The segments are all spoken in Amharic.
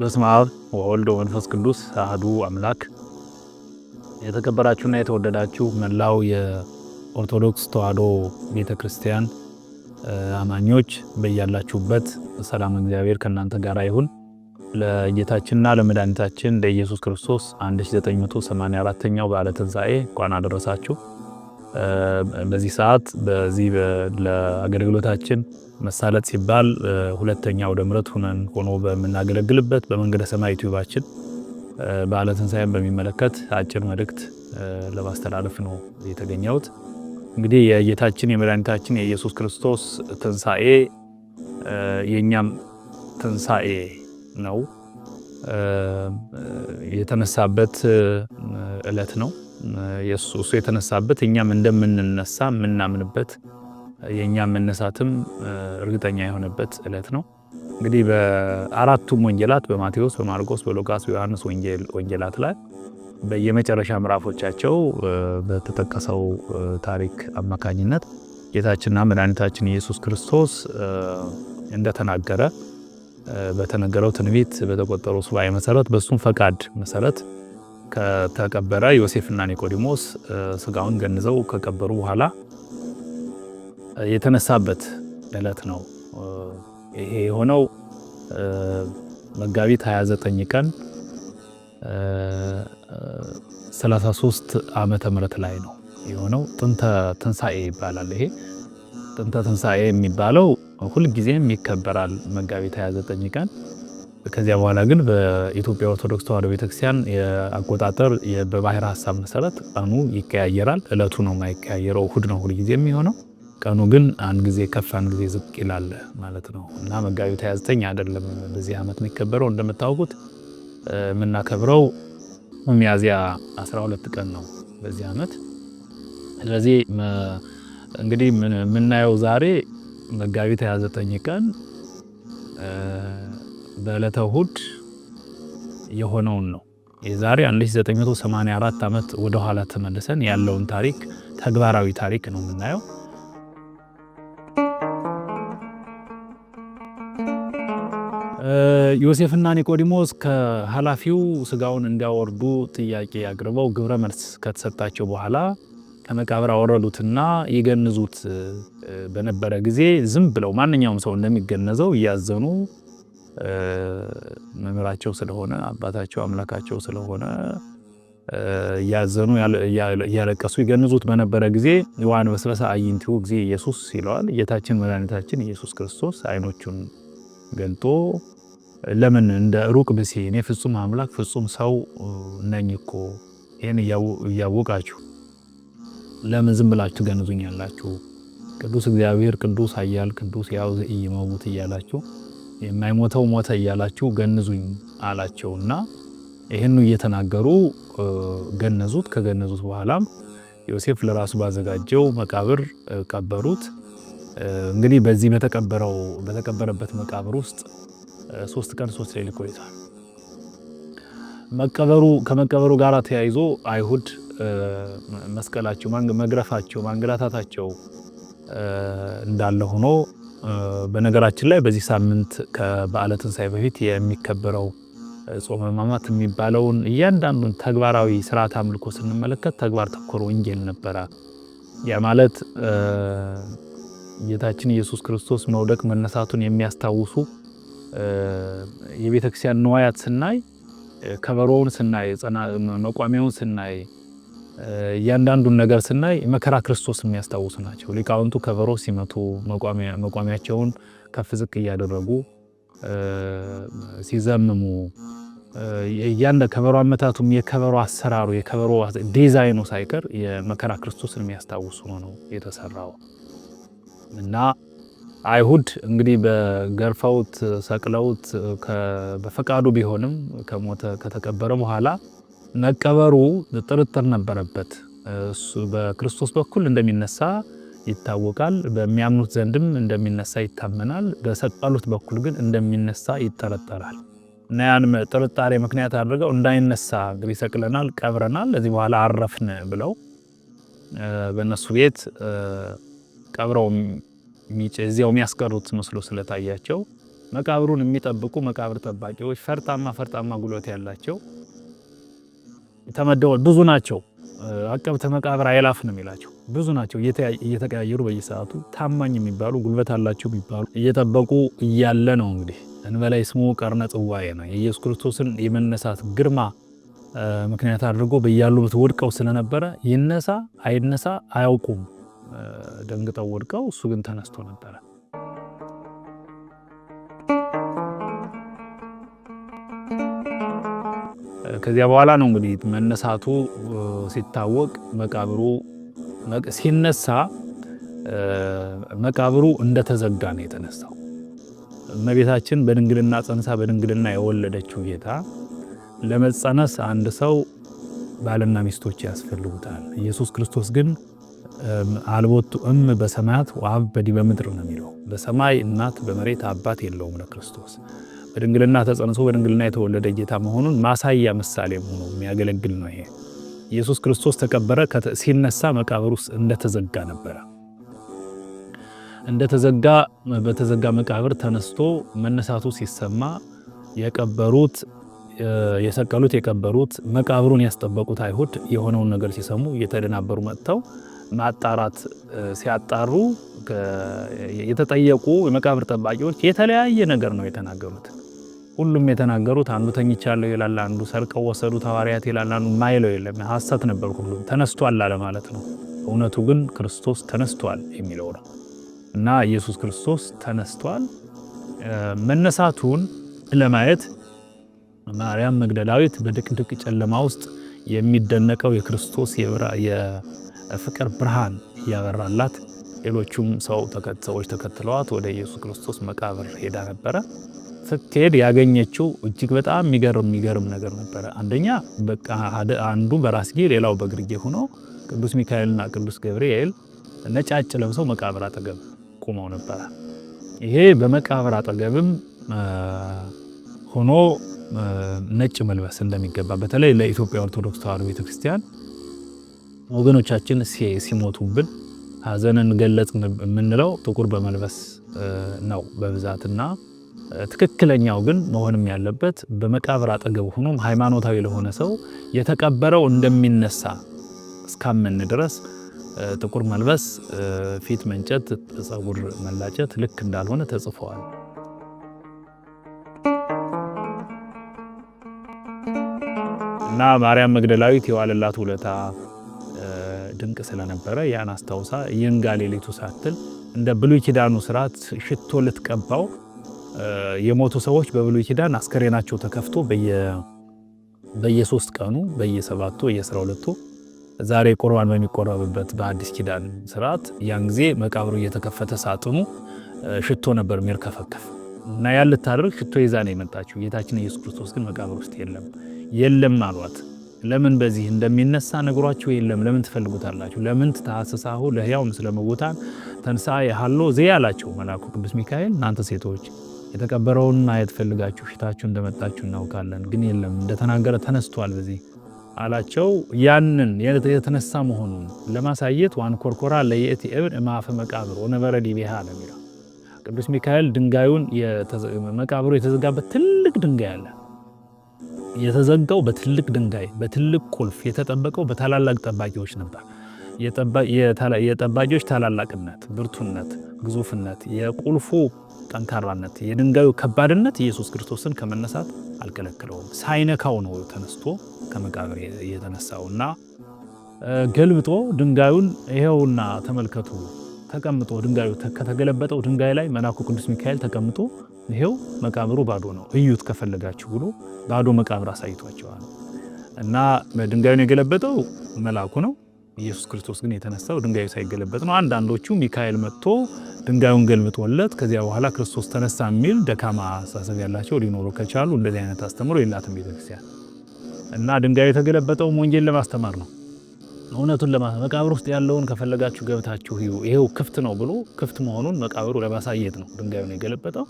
በስመ አብ ወወልድ ወመንፈስ ቅዱስ አህዱ አምላክ። የተከበራችሁና የተወደዳችሁ መላው የኦርቶዶክስ ተዋሕዶ ቤተ ክርስቲያን አማኞች በያላችሁበት ሰላም እግዚአብሔር ከእናንተ ጋር ይሁን። ለጌታችንና ለመድኃኒታችን ለኢየሱስ ክርስቶስ 1984ኛው በዓለ ትንሣኤ እንኳን አደረሳችሁ። በዚህ ሰዓት በዚህ ለአገልግሎታችን መሳለጥ ሲባል ሁለተኛ አውደ ምረት ሁነን ሆኖ በምናገለግልበት በመንገደ ሰማይ ዩቲዩባችን በዓለ ትንሣኤን በሚመለከት አጭር መልእክት ለማስተላለፍ ነው የተገኘሁት። እንግዲህ የጌታችን የመድኃኒታችን የኢየሱስ ክርስቶስ ትንሣኤ የእኛም ትንሣኤ ነው። የተነሳበት ዕለት ነው። የእሱ የተነሳበት እኛም እንደምንነሳ የምናምንበት የእኛ መነሳትም እርግጠኛ የሆነበት ዕለት ነው። እንግዲህ በአራቱም ወንጌላት በማቴዎስ፣ በማርቆስ፣ በሉቃስ፣ በዮሐንስ ወንጌላት ላይ በየመጨረሻ ምዕራፎቻቸው በተጠቀሰው ታሪክ አማካኝነት ጌታችንና መድኃኒታችን ኢየሱስ ክርስቶስ እንደተናገረ በተነገረው ትንቢት በተቆጠሩ ሱባኤ መሰረት በእሱም ፈቃድ መሰረት ከተቀበረ ዮሴፍና ኒቆዲሞስ ስጋውን ገንዘው ከቀበሩ በኋላ የተነሳበት ዕለት ነው። ይሄ የሆነው መጋቢት 29 ቀን 33 ዓመተ ምህረት ላይ ነው የሆነው። ጥንተ ትንሣኤ ይባላል። ይሄ ጥንተ ትንሣኤ የሚባለው ሁልጊዜም ይከበራል መጋቢት 29 ቀን ከዚያ በኋላ ግን በኢትዮጵያ ኦርቶዶክስ ተዋሕዶ ቤተክርስቲያን አቆጣጠር በባህር ሐሳብ መሰረት ቀኑ ይቀያየራል። እለቱ ነው የማይቀያየረው፣ እሁድ ነው ሁልጊዜ የሚሆነው። ቀኑ ግን አንድ ጊዜ ከፍ አንድ ጊዜ ዝቅ ይላል ማለት ነው እና መጋቢት 29 አይደለም በዚህ ዓመት የሚከበረው። እንደምታውቁት የምናከብረው ሚያዝያ 12 ቀን ነው በዚህ ዓመት። ስለዚህ እንግዲህ የምናየው ዛሬ መጋቢት 29 ቀን በዕለተ እሁድ የሆነውን ነው። የዛሬ 1984 ዓመት ወደኋላ ተመልሰን ያለውን ታሪክ ተግባራዊ ታሪክ ነው የምናየው። ዮሴፍና ኒቆዲሞስ ከኃላፊው ስጋውን እንዲያወርዱ ጥያቄ አቅርበው ግብረ መልስ ከተሰጣቸው በኋላ ከመቃብር አወረዱትና ይገንዙት በነበረ ጊዜ ዝም ብለው ማንኛውም ሰው እንደሚገነዘው እያዘኑ መምህራቸው ስለሆነ አባታቸው አምላካቸው ስለሆነ እያዘኑ እያለቀሱ ይገንዙት በነበረ ጊዜ ዋን በስበሳ አይንቲሁ ጊዜ ኢየሱስ ይለዋል። ጌታችን መድኃኒታችን ኢየሱስ ክርስቶስ አይኖቹን ገልጦ ለምን እንደ ሩቅ ብእሲ እኔ ፍጹም አምላክ ፍጹም ሰው ነኝ እኮ ይህን እያወቃችሁ ለምን ዝም ብላችሁ ትገንዙኛላችሁ? ቅዱስ እግዚአብሔር ቅዱስ አያል ቅዱስ ሕያው ዘኢይመውት እያላችሁ የማይሞተው ሞተ እያላችሁ ገንዙኝ አላቸውና ይህኑ እየተናገሩ ገነዙት። ከገነዙት በኋላም ዮሴፍ ለራሱ ባዘጋጀው መቃብር ቀበሩት። እንግዲህ በዚህ በተቀበረው በተቀበረበት መቃብር ውስጥ ሶስት ቀን ሶስት ሌሊት ቆይቷል። መቀበሩ ከመቀበሩ ጋር ተያይዞ አይሁድ መስቀላቸው፣ መግረፋቸው፣ ማንገላታታቸው እንዳለ ሆኖ በነገራችን ላይ በዚህ ሳምንት ከበዓለ ትንሣኤ በፊት የሚከበረው ጾመ ሕማማት የሚባለውን እያንዳንዱን ተግባራዊ ስርዓት አምልኮ ስንመለከት ተግባር ተኮር ወንጌል ነበረ። ያ ማለት ጌታችን ኢየሱስ ክርስቶስ መውደቅ መነሳቱን የሚያስታውሱ የቤተክርስቲያን ንዋያት ስናይ፣ ከበሮውን ስናይ፣ መቋሚያውን ስናይ እያንዳንዱን ነገር ስናይ መከራ ክርስቶስ የሚያስታውሱ ናቸው። ሊቃውንቱ ከበሮ ሲመቱ መቋሚያቸውን ከፍ ዝቅ እያደረጉ ሲዘምሙ ከበሮ አመታቱም የከበሮ አሰራሩ የከበሮ ዲዛይኑ ሳይቀር የመከራ ክርስቶስን የሚያስታውሱ ነው የተሰራው እና አይሁድ እንግዲህ በገርፈውት ሰቅለውት በፈቃዱ ቢሆንም ከሞተ ከተቀበረ በኋላ መቀበሩ ጥርጥር ነበረበት። እሱ በክርስቶስ በኩል እንደሚነሳ ይታወቃል። በሚያምኑት ዘንድም እንደሚነሳ ይታመናል። በሰቀሉት በኩል ግን እንደሚነሳ ይጠረጠራል እና ያን ጥርጣሬ ምክንያት አድርገው እንዳይነሳ እንግዲህ ሰቅለናል፣ ቀብረናል፣ ለዚህ በኋላ አረፍን ብለው በእነሱ ቤት ቀብረው እዚያው የሚያስቀሩት መስሎ ስለታያቸው መቃብሩን የሚጠብቁ መቃብር ጠባቂዎች ፈርጣማ ፈርጣማ ጉሎት ያላቸው ተመደዋል። ብዙ ናቸው። አቀብተ መቃብር አይላፍ ነው የሚላቸው ብዙ ናቸው። እየተቀያየሩ በየሰዓቱ ታማኝ የሚባሉ ጉልበት አላቸው የሚባሉ እየጠበቁ እያለ ነው እንግዲህ እንበላይ ስሙ ቀርነ ጽዋዬ ነው የኢየሱስ ክርስቶስን የመነሳት ግርማ ምክንያት አድርጎ በያሉበት ወድቀው ስለነበረ ይነሳ አይነሳ አያውቁም። ደንግጠው ወድቀው እሱ ግን ተነስቶ ነበረ። ከዚያ በኋላ ነው እንግዲህ መነሳቱ ሲታወቅ መቃብሩ ሲነሳ መቃብሩ እንደተዘጋ ነው የተነሳው። እመቤታችን በድንግልና ጸንሳ በድንግልና የወለደችው ጌታ ለመጸነስ አንድ ሰው ባልና ሚስቶች ያስፈልጉታል። ኢየሱስ ክርስቶስ ግን አልቦቱ እም በሰማያት ወአብ በዲበ ምድር ነው የሚለው። በሰማይ እናት በመሬት አባት የለውም ለክርስቶስ። በድንግልና ተጸንሶ በድንግልና የተወለደ ጌታ መሆኑን ማሳያ ምሳሌ ሆኖ የሚያገለግል ነው። ይሄ ኢየሱስ ክርስቶስ ተቀበረ። ሲነሳ መቃብር ውስጥ እንደተዘጋ ነበረ። እንደተዘጋ በተዘጋ መቃብር ተነስቶ መነሳቱ ሲሰማ የቀበሩት የሰቀሉት የቀበሩት መቃብሩን ያስጠበቁት አይሁድ የሆነውን ነገር ሲሰሙ እየተደናበሩ መጥተው ማጣራት ሲያጣሩ የተጠየቁ የመቃብር ጠባቂዎች የተለያየ ነገር ነው የተናገሩት። ሁሉም የተናገሩት አንዱ ተኝቻለሁ ይላል፣ አንዱ ሰርቀው ወሰዱ ሐዋርያት ይላል፣ አንዱ ማይለው የለም። ሐሰት ነበር። ሁሉም ተነስቷል አለ ማለት ነው። እውነቱ ግን ክርስቶስ ተነስቷል የሚለው ነው እና ኢየሱስ ክርስቶስ ተነስቷል መነሳቱን ለማየት ማርያም መግደላዊት በድቅድቅ ጨለማ ውስጥ የሚደነቀው የክርስቶስ ፍቅር ብርሃን እያበራላት ሌሎቹም ሰው ሰዎች ተከትለዋት ወደ ኢየሱስ ክርስቶስ መቃብር ሄዳ ነበረ። ስትሄድ ያገኘችው እጅግ በጣም የሚገርም የሚገርም ነገር ነበረ። አንደኛ አንዱ በራስጌ ሌላው በግርጌ ሆኖ ቅዱስ ሚካኤልና ቅዱስ ገብርኤል ነጫጭ ለብሰው መቃብር አጠገብ ቁመው ነበረ። ይሄ በመቃብር አጠገብም ሆኖ ነጭ መልበስ እንደሚገባ በተለይ ለኢትዮጵያ ኦርቶዶክስ ተዋሕዶ ቤተክርስቲያን ወገኖቻችን ሲሞቱብን ሀዘንን ገለጽ የምንለው ጥቁር በመልበስ ነው በብዛትና ትክክለኛው ግን መሆንም ያለበት በመቃብር አጠገብ ሆኖም ሃይማኖታዊ ለሆነ ሰው የተቀበረው እንደሚነሳ እስካመን ድረስ ጥቁር መልበስ፣ ፊት መንጨት፣ ፀጉር መላጨት ልክ እንዳልሆነ ተጽፈዋል። እና ማርያም መግደላዊት የዋለላት ውለታ ድንቅ ስለነበረ ያን አስታውሳ ይንጋ ሌሊቱ ሳትል እንደ ብሉይ ኪዳኑ ስርዓት ሽቶ ልትቀባው የሞቱ ሰዎች በብሉይ ኪዳን አስከሬናቸው ተከፍቶ በየሶስት ቀኑ በየሰባቱ በየአስራ ሁለቱ ዛሬ ቁርባን በሚቆረብበት በአዲስ ኪዳን ስርዓት ያን ጊዜ መቃብሩ እየተከፈተ ሳጥኑ ሽቶ ነበር ሚርከፈከፍ እና ያን ልታደርግ ሽቶ ይዛ ነው የመጣችው። ጌታችን ኢየሱስ ክርስቶስ ግን መቃብር ውስጥ የለም የለም አሏት። ለምን በዚህ እንደሚነሳ ነግሯችሁ የለም። ለምን ትፈልጉታላችሁ? ለምን ትታሰሳሁ ለሕያው ምስለ ሙታን ተንሥአ የሃሎ ዘይ አላቸው መልአኩ ቅዱስ ሚካኤል። እናንተ ሴቶች የተቀበረውን ማየት ፈልጋችሁ ፊታችሁ እንደመጣችሁ እናውቃለን፣ ግን የለም እንደተናገረ ተነስቷል በዚህ አላቸው። ያንን የተነሳ መሆኑን ለማሳየት ዋንኮርኮራ ለየእቲ እብን እማፈ መቃብር ወነበረ ዲቤሃ ለሚለው ቅዱስ ሚካኤል ድንጋዩን መቃብሩ የተዘጋበት ትልቅ ድንጋይ አለ የተዘጋው በትልቅ ድንጋይ በትልቅ ቁልፍ የተጠበቀው በታላላቅ ጠባቂዎች ነበር። የጠባቂዎች ታላላቅነት፣ ብርቱነት፣ ግዙፍነት፣ የቁልፉ ጠንካራነት፣ የድንጋዩ ከባድነት ኢየሱስ ክርስቶስን ከመነሳት አልከለክለውም። ሳይነካው ነው ተነስቶ ከመቃብር የተነሳው እና ገልብጦ ድንጋዩን ይኸውና ተመልከቱ ተቀምጦ ድንጋዩ ከተገለበጠው ድንጋይ ላይ መልአኩ ቅዱስ ሚካኤል ተቀምጦ ይሄው መቃብሩ ባዶ ነው እዩት ከፈለጋችሁ ብሎ ባዶ መቃብር አሳይቷቸዋል። እና ድንጋዩን የገለበጠው መልአኩ ነው። ኢየሱስ ክርስቶስ ግን የተነሳው ድንጋዩ ሳይገለበጥ ነው። አንዳንዶቹ ሚካኤል መጥቶ ድንጋዩን ገልብጦለት ከዚያ በኋላ ክርስቶስ ተነሳ የሚል ደካማ አስተሳሰብ ያላቸው ሊኖሩ ከቻሉ እንደዚህ አይነት አስተምሮ የላትም ቤተክርስቲያን። እና ድንጋዩ የተገለበጠውም ወንጌል ለማስተማር ነው። እውነቱን ለማ መቃብር ውስጥ ያለውን ከፈለጋችሁ ገብታችሁ ይሄው ክፍት ነው ብሎ ክፍት መሆኑን መቃብሩ ለማሳየት ነው ነው የገለበጠው።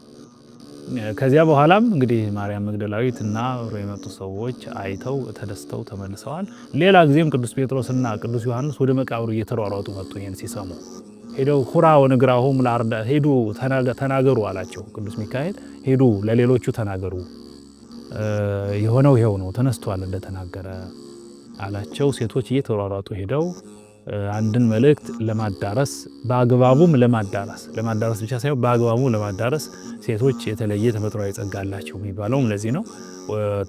ከዚያ በኋላም እንግዲህ ማርያም መግደላዊት እና የመጡ ሰዎች አይተው ተደስተው ተመልሰዋል። ሌላ ጊዜም ቅዱስ ጴጥሮስ እና ቅዱስ ዮሐንስ ወደ መቃብሩ እየተሯሯጡ መጡ። ይህን ሲሰሙ ሄደው ሁራ ወንግራሁም ለአርዳ ሄዱ ተናገሩ አላቸው ቅዱስ ሚካኤል። ሄዱ ለሌሎቹ ተናገሩ የሆነው ይሄው ነው ተነስቷል እንደተናገረ አላቸው። ሴቶች እየተሯሯጡ ሄደው አንድን መልእክት ለማዳረስ በአግባቡም ለማዳረስ ለማዳረስ ብቻ ሳይሆን በአግባቡ ለማዳረስ ሴቶች የተለየ ተፈጥሯዊ ጸጋ አላቸው የሚባለውም ለዚህ ነው።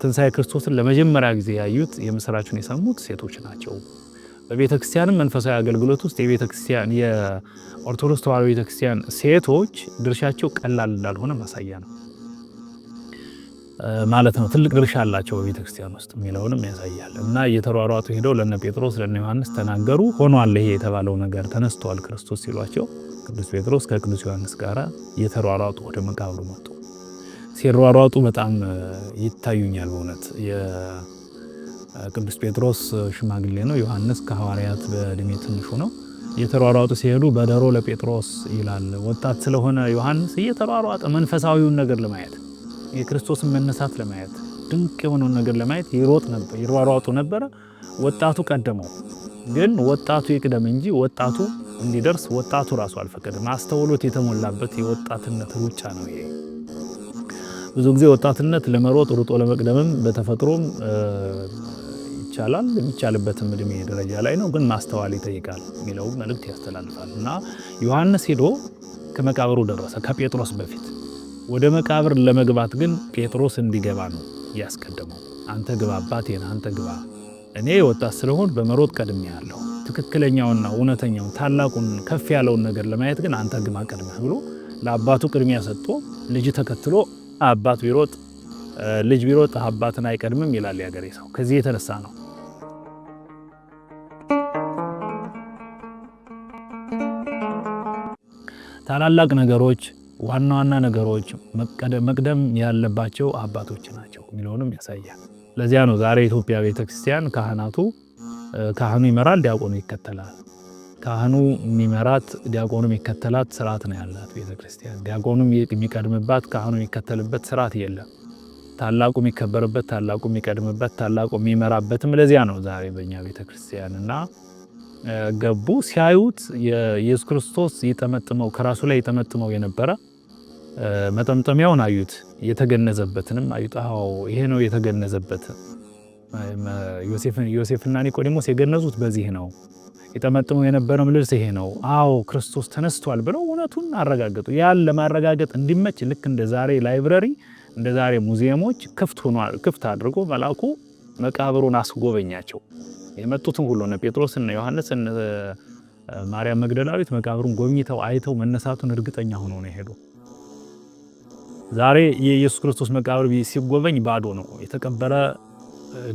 ትንሣኤ ክርስቶስን ለመጀመሪያ ጊዜ ያዩት የምስራችን የሰሙት ሴቶች ናቸው። በቤተ ክርስቲያንም መንፈሳዊ አገልግሎት ውስጥ የቤተ ክርስቲያን የኦርቶዶክስ ተዋሕዶ ቤተ ክርስቲያን ሴቶች ድርሻቸው ቀላል እንዳልሆነ ማሳያ ነው። ማለት ነው። ትልቅ ድርሻ አላቸው በቤተክርስቲያን ውስጥ የሚለውንም ያሳያል እና እየተሯሯጡ ሄደው ለነ ጴጥሮስ ለነ ዮሐንስ ተናገሩ። ሆኗል፣ ይሄ የተባለው ነገር ተነስቷል ክርስቶስ ሲሏቸው ቅዱስ ጴጥሮስ ከቅዱስ ዮሐንስ ጋር እየተሯሯጡ ወደ መቃብሩ መጡ። ሲሯሯጡ በጣም ይታዩኛል በእውነት የቅዱስ ጴጥሮስ ሽማግሌ ነው። ዮሐንስ ከሐዋርያት በእድሜ ትንሹ ነው። እየተሯሯጡ ሲሄዱ በደሮ ለጴጥሮስ ይላል። ወጣት ስለሆነ ዮሐንስ እየተሯሯጠ መንፈሳዊውን ነገር ለማየት የክርስቶስን መነሳት ለማየት ድንቅ የሆነውን ነገር ለማየት ይሮጥ ነበር፣ ይሯሯጡ ነበረ። ወጣቱ ቀደመው። ግን ወጣቱ ይቅደም እንጂ ወጣቱ እንዲደርስ ወጣቱ ራሱ አልፈቀደም። አስተውሎት የተሞላበት የወጣትነት ሩጫ ነው ይሄ። ብዙ ጊዜ ወጣትነት ለመሮጥ ሩጦ ለመቅደምም በተፈጥሮም ይቻላል የሚቻልበትም እድሜ ደረጃ ላይ ነው። ግን ማስተዋል ይጠይቃል የሚለው መልእክት ያስተላልፋል እና ዮሐንስ ሄዶ ከመቃብሩ ደረሰ ከጴጥሮስ በፊት ወደ መቃብር ለመግባት ግን ጴጥሮስ እንዲገባ ነው ያስቀደመው። አንተ ግባ አባቴን፣ አንተ ግባ፣ እኔ ወጣት ስለሆን በመሮጥ ቀድሜ ያለሁ ትክክለኛውና እውነተኛውን ታላቁን ከፍ ያለውን ነገር ለማየት ግን አንተ ግባ ቀድመህ ብሎ ለአባቱ ቅድሚያ ሰጥቶ ልጅ ተከትሎ አባት ቢሮጥ ልጅ ቢሮጥ አባትን አይቀድምም ይላል ያገሬ ሰው። ከዚህ የተነሳ ነው ታላላቅ ነገሮች ዋና ዋና ነገሮች መቅደም ያለባቸው አባቶች ናቸው የሚለውንም ያሳያል። ለዚያ ነው ዛሬ ኢትዮጵያ ቤተክርስቲያን ካህናቱ ካህኑ ይመራል፣ ዲያቆኑ ይከተላል። ካህኑ የሚመራት ዲያቆኑ የሚከተላት ስርዓት ነው ያላት ቤተክርስቲያን። ዲያቆኑ የሚቀድምባት ካህኑ የሚከተልበት ስርዓት የለም። ታላቁ የሚከበርበት፣ ታላቁ የሚቀድምበት፣ ታላቁ የሚመራበትም ለዚያ ነው ዛሬ በእኛ ቤተክርስቲያን እና ገቡ ሲያዩት የኢየሱስ ክርስቶስ ይጠመጥመው ከራሱ ላይ ይጠመጥመው የነበረ መጠምጠሚያውን አዩት፣ የተገነዘበትንም አዩት። አዎ ይሄ ነው የተገነዘበት። ዮሴፍና ኒቆዲሞስ የገነዙት በዚህ ነው። የጠመጥመው የነበረው ልብስ ይሄ ነው። አዎ ክርስቶስ ተነስቷል ብለው እውነቱን አረጋገጡ። ያን ለማረጋገጥ እንዲመች ልክ እንደ ዛሬ ላይብረሪ፣ እንደ ዛሬ ሙዚየሞች ክፍት አድርጎ መልአኩ መቃብሩን አስጎበኛቸው። የመጡትን ሁሉ እነ ጴጥሮስ፣ ዮሐንስ፣ ማርያም መግደላዊት መቃብሩን ጎብኝተው አይተው መነሳቱን እርግጠኛ ሆነው ነው የሄዱ። ዛሬ የኢየሱስ ክርስቶስ መቃብር ሲጎበኝ ባዶ ነው። የተቀበረ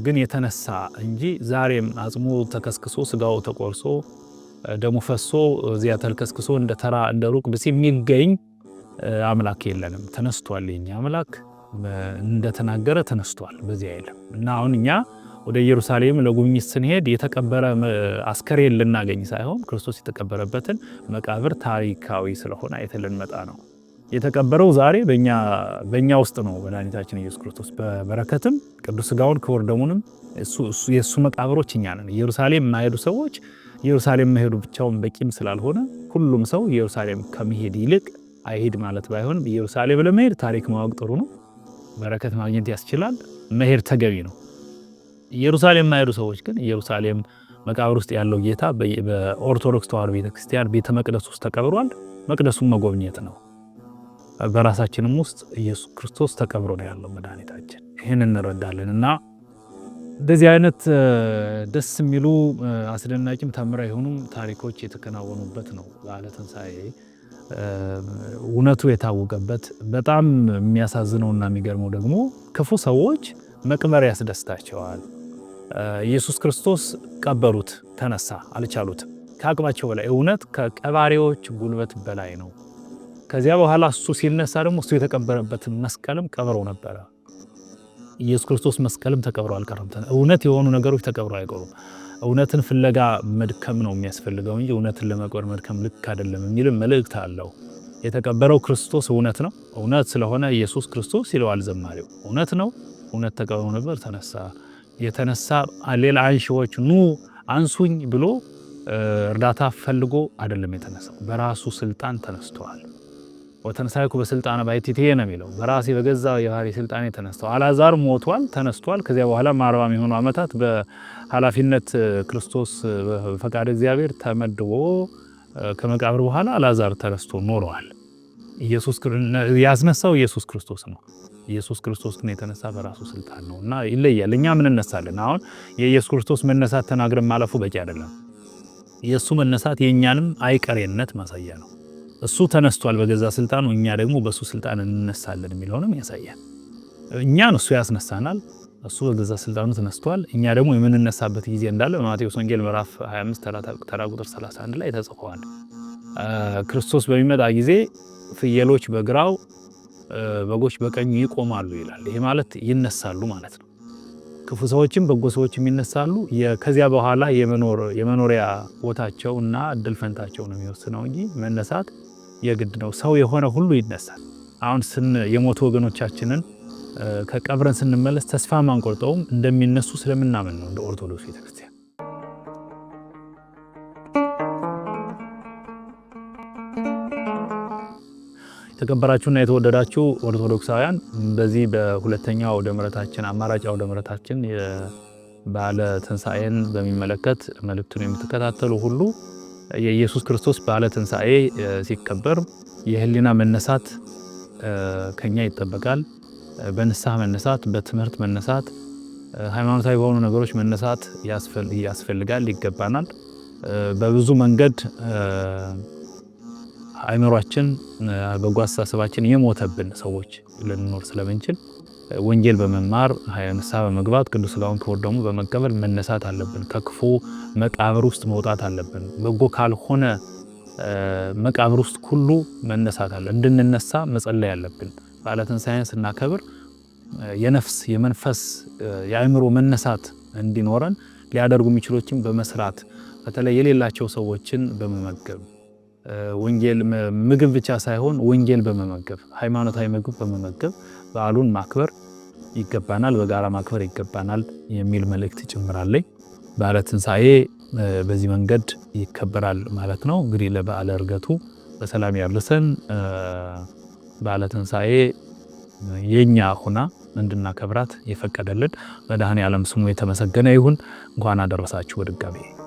ግን የተነሳ እንጂ ዛሬም አጽሙ ተከስክሶ ስጋው ተቆርሶ ደሙ ፈሶ እዚያ ተልከስክሶ እንደ ተራ እንደ ሩቅ ብስ የሚገኝ አምላክ የለንም። ተነስቷል። የኛ አምላክ እንደተናገረ ተነስቷል። በዚያ አይደለም እና አሁን እኛ ወደ ኢየሩሳሌም ለጉብኝት ስንሄድ የተቀበረ አስከሬን ልናገኝ ሳይሆን ክርስቶስ የተቀበረበትን መቃብር ታሪካዊ ስለሆነ አይተን ልንመጣ ነው። የተቀበረው ዛሬ በእኛ ውስጥ ነው። መድኃኒታችን ኢየሱስ ክርስቶስ በበረከትም ቅዱስ ሥጋውን ክቡር ደሙንም የእሱ መቃብሮች እኛ ነን። ኢየሩሳሌም የማይሄዱ ሰዎች ኢየሩሳሌም መሄዱ ብቻውን በቂም ስላልሆነ ሁሉም ሰው ኢየሩሳሌም ከመሄድ ይልቅ አይሄድ ማለት ባይሆንም ኢየሩሳሌም ለመሄድ ታሪክ ማወቅ ጥሩ ነው። በረከት ማግኘት ያስችላል። መሄድ ተገቢ ነው። ኢየሩሳሌም የማይሄዱ ሰዎች ግን ኢየሩሳሌም መቃብር ውስጥ ያለው ጌታ በኦርቶዶክስ ተዋሕዶ ቤተክርስቲያን ቤተ መቅደስ ውስጥ ተቀብሯል። መቅደሱን መጎብኘት ነው። በራሳችንም ውስጥ ኢየሱስ ክርስቶስ ተቀብሮ ነው ያለው መድኃኒታችን። ይህን እንረዳለን እና እንደዚህ አይነት ደስ የሚሉ አስደናቂም ተምራ የሆኑ ታሪኮች የተከናወኑበት ነው በዓለ ትንሣኤ። እውነቱ የታወቀበት በጣም የሚያሳዝነውና የሚገርመው ደግሞ ክፉ ሰዎች መቅበር ያስደስታቸዋል። ኢየሱስ ክርስቶስ ቀበሩት፣ ተነሳ፣ አልቻሉትም። ከአቅማቸው በላይ እውነት ከቀባሪዎች ጉልበት በላይ ነው። ከዚያ በኋላ እሱ ሲነሳ ደግሞ እሱ የተቀበረበትን መስቀልም ቀብሮ ነበረ። ኢየሱስ ክርስቶስ መስቀልም ተቀብሮ አልቀረም። እውነት የሆኑ ነገሮች ተቀብሮ አይቀሩም። እውነትን ፍለጋ መድከም ነው የሚያስፈልገው እንጂ እውነትን ለመቅበር መድከም ልክ አይደለም የሚልም መልእክት አለው። የተቀበረው ክርስቶስ እውነት ነው። እውነት ስለሆነ ኢየሱስ ክርስቶስ ይለዋል ዘማሪው። እውነት ነው፣ እውነት ተቀብሮ ነበር፣ ተነሳ። የተነሳ ሌላ አንሺዎች ኑ አንሱኝ ብሎ እርዳታ ፈልጎ አይደለም የተነሳው፣ በራሱ ስልጣን ተነስተዋል። ወተንሳይኩ በስልጣነ ባይቲቴ ነው የሚለው። በራሴ በገዛ የባህሪ ስልጣኔ ተነስተው አላዛር ሞቷል፣ ተነስቷል። ከዚያ በኋላ ማርባ የሚሆኑ ዓመታት በኃላፊነት ክርስቶስ በፈቃድ እግዚአብሔር ተመድቦ ከመቃብር በኋላ አላዛር ተነስቶ ኖረዋል። ያስነሳው ኢየሱስ ክርስቶስ ነው። ኢየሱስ ክርስቶስ ግን የተነሳ በራሱ ስልጣን ነው እና ይለያል። እኛ ምን እነሳለን? አሁን የኢየሱስ ክርስቶስ መነሳት ተናግረን ማለፉ በቂ አይደለም። የእሱ መነሳት የእኛንም አይቀሬነት ማሳያ ነው። እሱ ተነስቷል በገዛ ስልጣኑ፣ እኛ ደግሞ በእሱ ስልጣን እንነሳለን የሚለውንም ያሳያል። እኛን እሱ ያስነሳናል፣ እሱ በገዛ ስልጣኑ ተነስቷል። እኛ ደግሞ የምንነሳበት ጊዜ እንዳለ በማቴዎስ ወንጌል ምዕራፍ 25 ተራ ቁጥር 31 ላይ ተጽፏል። ክርስቶስ በሚመጣ ጊዜ ፍየሎች በግራው በጎች በቀኙ ይቆማሉ ይላል። ይሄ ማለት ይነሳሉ ማለት ነው። ክፉ ሰዎችም በጎ ሰዎችም ይነሳሉ። ከዚያ በኋላ የመኖሪያ ቦታቸው እና እድል ፈንታቸው ነው የሚወስነው እንጂ መነሳት የግድ ነው። ሰው የሆነ ሁሉ ይነሳል። አሁን ስን የሞቱ ወገኖቻችንን ከቀብረን ስንመለስ ተስፋ ማንቆርጠውም እንደሚነሱ ስለምናምን ነው እንደ ኦርቶዶክስ ቤተክርስቲያን። የተከበራችሁና የተወደዳችሁ ኦርቶዶክሳውያን በዚህ በሁለተኛ አውደ ምሕረታችን አማራጭ አውደ ምሕረታችን በዓለ ትንሣኤን በሚመለከት መልእክቱን የምትከታተሉ ሁሉ የኢየሱስ ክርስቶስ በዓለ ትንሣኤ ሲከበር የህሊና መነሳት ከኛ ይጠበቃል። በንስሐ መነሳት፣ በትምህርት መነሳት፣ ሃይማኖታዊ በሆኑ ነገሮች መነሳት ያስፈልጋል፣ ይገባናል። በብዙ መንገድ አእምሯችን፣ በጎ አስተሳሰባችን የሞተብን ሰዎች ልንኖር ስለምንችል ወንጌል በመማር ንስሐ በመግባት ቅዱስ ሥጋውን ክቡር ደግሞ በመቀበል መነሳት አለብን። ከክፉ መቃብር ውስጥ መውጣት አለብን። በጎ ካልሆነ መቃብር ውስጥ ሁሉ መነሳት አለ እንድንነሳ መጸለይ አለብን። በዓለ ትንሣኤን ስናከብር የነፍስ የመንፈስ የአእምሮ መነሳት እንዲኖረን ሊያደርጉ የሚችሎችን በመስራት በተለይ የሌላቸው ሰዎችን በመመገብ ወንጌል ምግብ ብቻ ሳይሆን ወንጌል በመመገብ ሃይማኖታዊ ምግብ በመመገብ በዓሉን ማክበር ይገባናል፣ በጋራ ማክበር ይገባናል የሚል መልእክት ጭምራለኝ። በዓለ ትንሣኤ በዚህ መንገድ ይከበራል ማለት ነው። እንግዲህ ለበዓለ እርገቱ በሰላም ያድርሰን። በዓለ ትንሣኤ የኛ ሁና እንድናከብራት የፈቀደልን መድኃኔ ዓለም ስሙ የተመሰገነ ይሁን። እንኳን አደረሳችሁ በድጋሜ